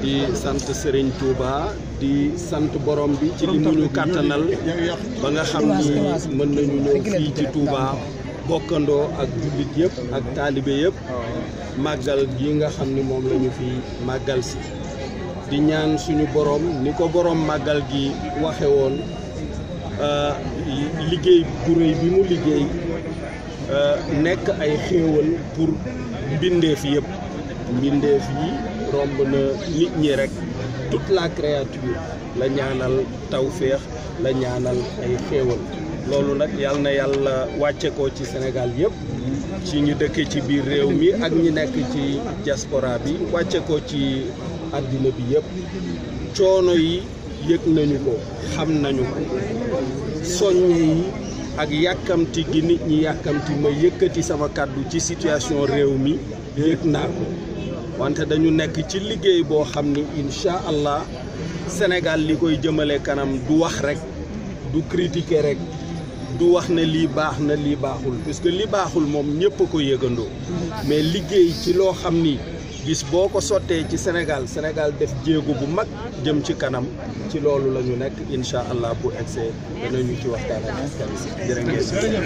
di sant sëriñ Touba di sant borom bi ci li mu ñu kàttanal ba nga xam ni mën nañu ñëw fii ci Touba bokkandoo ak jullit yëpp ak taalibe yëpp màggal gi nga xam ni moom lañu fi màggal si di ñaan suñu borom ni ko borom màggal gi waxe woon euh, liggéey bu réy bi mu liggéey euh, nekk ay xéewal pour mbindeef yëpp mbindeef yi romb na nit ñi rek toute la créature la ñaanal tawféex la ñaanal ay xéewal loolu nag yal na yàlla wàcce ko ci senegal yëpp ci ñu dëkk ci biir réew mi ak ñu nekk ci diaspora bi wàcce ko ci àddina bi yëpp coono yi yëg nañu ko xam nañu ko soññe yi ak yàkkamti gi nit ñi yàkkamti ma yëkkati sama kàddu ci situation réew mi yëg naa ko wante dañu nekk ci liggéey boo xam ni incha allah Sénégal li koy jëmale kanam du wax rek du critiquer rek du wax ne lii baax na lii baaxul puisque li baaxul moom ñëpp ko yëgandoo mais liggéey ci loo xam ni bis boo ko sottee ci Sénégal Sénégal def jéego bu mag jëm ci kanam ci loolu la ñu nekk incha allah bu egsee danañu ci waxtaan ak askan